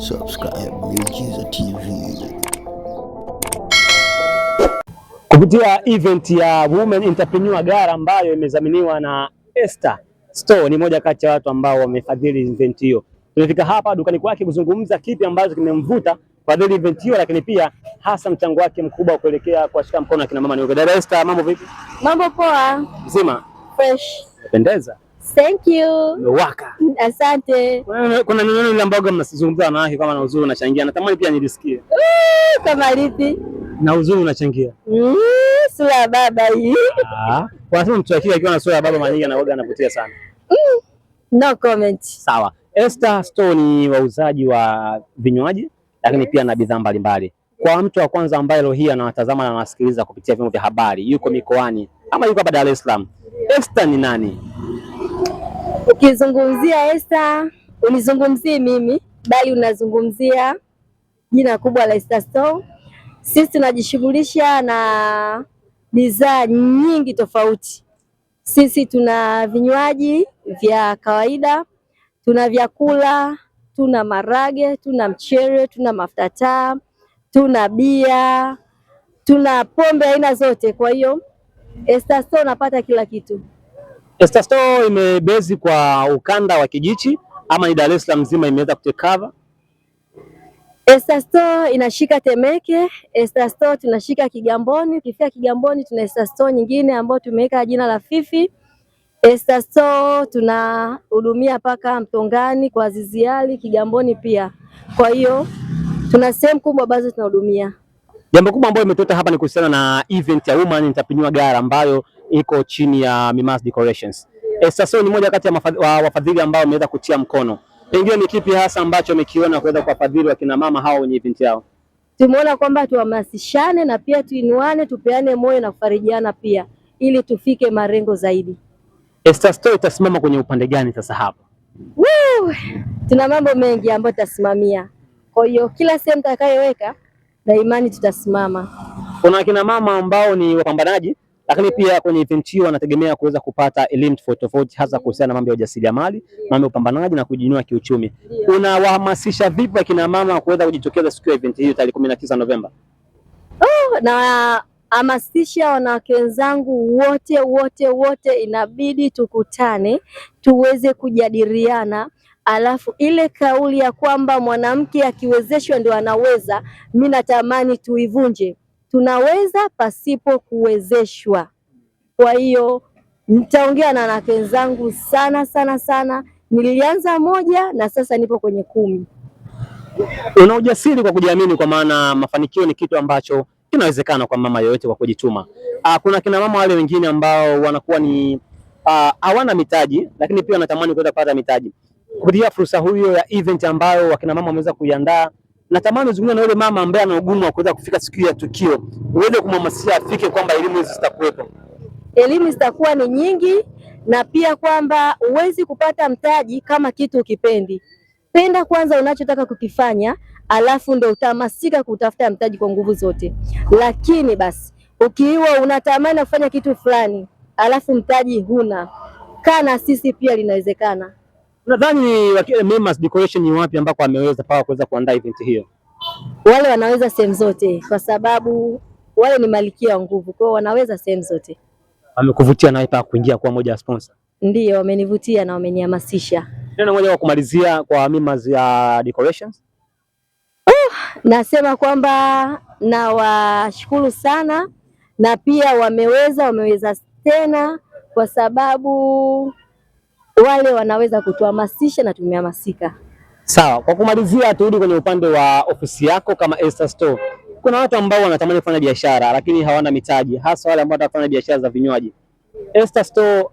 subscribe Miujiza TV. Kupitia event ya Women Entrepreneur Gala ambayo imezaminiwa na Esther Store, ni moja kati ya watu ambao wamefadhili event hiyo. Tumefika hapa dukani kwake kuzungumza kipi ambacho kimemvuta fadhili event hiyo, lakini pia hasa mchango wake mkubwa kuelekea kuwashika mkono akina mama. Ni dada Esther, mambo vipi? Mambo poa. Mzima? Fresh. Pendeza. Thank you. Mwaka. Asante. Kuna nini ile ambayo mnazungumza na yake kama na uzuri unachangia? Natamani pia nilisikie. Kama lipi? Na uzuri unachangia. sura ya baba hii. Kwa ah, sababu mtu akija akiwa na sura ya baba mara nyingi anaoga anavutia sana. Mm, no comment. Sawa. Esther Store ni wauzaji wa vinywaji lakini pia na bidhaa mbalimbali. Kwa mtu wa kwanza ambaye leo hii anawatazama na anasikiliza kupitia vyombo vya habari, yuko mikoani ama yuko hapa Dar es Salaam. Esther ni nani? Ukizungumzia Esta unizungumzie mimi, bali unazungumzia jina kubwa la Esta Store. Sisi tunajishughulisha na bidhaa nyingi tofauti. Sisi tuna vinywaji vya kawaida, tuna vyakula, tuna marage, tuna mchere, tuna mafuta taa, tuna bia, tuna pombe aina zote. Kwa hiyo Esta Store unapata kila kitu. Esta Store imebezi kwa ukanda wa kijichi ama ni Dar es Salaam nzima imeweza kutekava? Esta Store inashika Temeke, Esta Store tunashika Kigamboni. Ukifika Kigamboni tuna Esta Store nyingine ambayo tumeweka jina la Fifi. Esta Store tunahudumia mpaka Mtongani kwa Ziziali, Kigamboni pia. Kwa hiyo tuna sehemu kubwa ambazo tunahudumia. Jambo kubwa ambalo imetota hapa ni kuhusiana na event ya Women Entrepreneur Gala ambayo iko chini ya Mimas Decorations. Eh, sasa ni moja kati ya wafadhili ambao wameweza kutia mkono. Pengine ni kipi hasa ambacho umekiona kuweza kuwafadhili wakina mama hawa wenye event yao? Tumeona kwamba tuhamasishane na pia tuinuane, tupeane moyo na kufarijiana pia ili tufike marengo zaidi. Esta eh, Store itasimama kwenye upande gani sasa hapa? Woo! Tuna mambo mengi ambayo tutasimamia, kwa hiyo kila sehemu tutakayoweka na imani tutasimama. Kuna kina mama ambao ni wapambanaji, lakini pia kwenye event hiyo wanategemea kuweza kupata elimu tofauti tofauti, hasa kuhusiana na mambo ya ujasiriamali, mambo ya upambanaji na kujinua kiuchumi. Unawahamasisha vipi akina mama kuweza kujitokeza siku ya event hiyo tarehe kumi na tisa Novemba? Oh, na hamasisha wanawake wenzangu wote wote wote, inabidi tukutane tuweze kujadiliana Alafu ile kauli ya kwamba mwanamke akiwezeshwa ndio anaweza, mi natamani tuivunje. Tunaweza pasipo kuwezeshwa. Kwa hiyo nitaongea na wanawake wenzangu sana sana sana. Nilianza moja na sasa nipo kwenye kumi. Una ujasiri kwa kujiamini, kwa maana mafanikio ni kitu ambacho kinawezekana kwa mama yoyote kwa kujituma. Aa, ah, kuna kina mama wale wengine ambao wanakuwa ni ah, hawana mitaji, lakini pia wanatamani kuweza kupata mitaji kupitia fursa hiyo ya event ambayo wakina mama wameweza kuiandaa, natamani uzungumze na yule mama ambaye ana ugumu wa kuweza kufika siku ya tukio, uweze kumhamasisha afike kwamba elimu hizi zitakuwepo. Elimu zitakuwa ni nyingi, na pia kwamba huwezi kupata mtaji kama kitu ukipendi. Penda kwanza unachotaka kukifanya, alafu ndo utahamasika kutafuta mtaji kwa nguvu zote. Lakini basi ukiwa unatamani kufanya kitu fulani alafu mtaji huna, kaa na sisi pia linawezekana. Nadhani Mema's Decoration ni wapi ambako ameweza pawa kuweza kuandaa event hiyo? Wale wanaweza sehemu zote, kwa sababu wale ni malikia wa nguvu, kwa hiyo wanaweza sehemu zote. Amekuvutia nawe paka kuingia kuwa moja ya sponsor? Ndiyo, wamenivutia na wamenihamasisha. Neno moja kwa kumalizia kwa Mema's ya Decorations. Uh, nasema kwamba nawashukuru sana na pia wameweza wameweza tena kwa sababu wale wanaweza kutuhamasisha na tumehamasika. Sawa, kwa kumalizia, turudi kwenye upande wa ofisi yako kama Esther Store. Kuna watu ambao wanatamani kufanya biashara lakini hawana mitaji, hasa wale ambao wanafanya biashara za vinywaji. Esther Store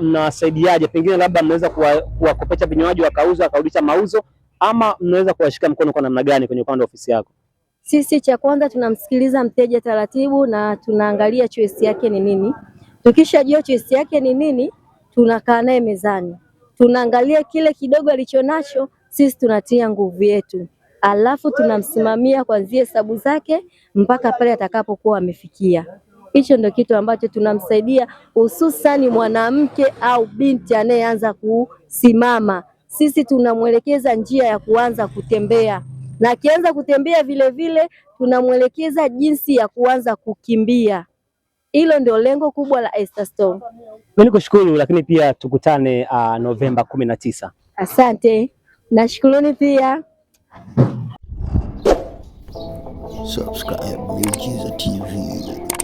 mnawasaidiaje? Na, pengine labda mnaweza kuwakopesha vinywaji wakauza wakarudisha mauzo, ama mnaweza kuwashika mkono kwa namna gani kwenye upande wa ofisi yako? Sisi cha kwanza tunamsikiliza mteja taratibu, na tunaangalia choice yake ni nini. Tukishajua choice yake ni nini tunakaa naye mezani, tunaangalia kile kidogo alichonacho, sisi tunatia nguvu yetu, alafu tunamsimamia kuanzia hesabu zake mpaka pale atakapokuwa amefikia. Hicho ndio kitu ambacho tunamsaidia, hususani mwanamke au binti anayeanza kusimama. Sisi tunamwelekeza njia ya kuanza kutembea, na akianza kutembea vilevile tunamwelekeza jinsi ya kuanza kukimbia. Hilo ndio lengo kubwa la Esther Store. Mimi nikushukuru, lakini pia tukutane uh, ah, Novemba kumi na tisa. Asante nashukuruni pia. Subscribe Miujiza TV.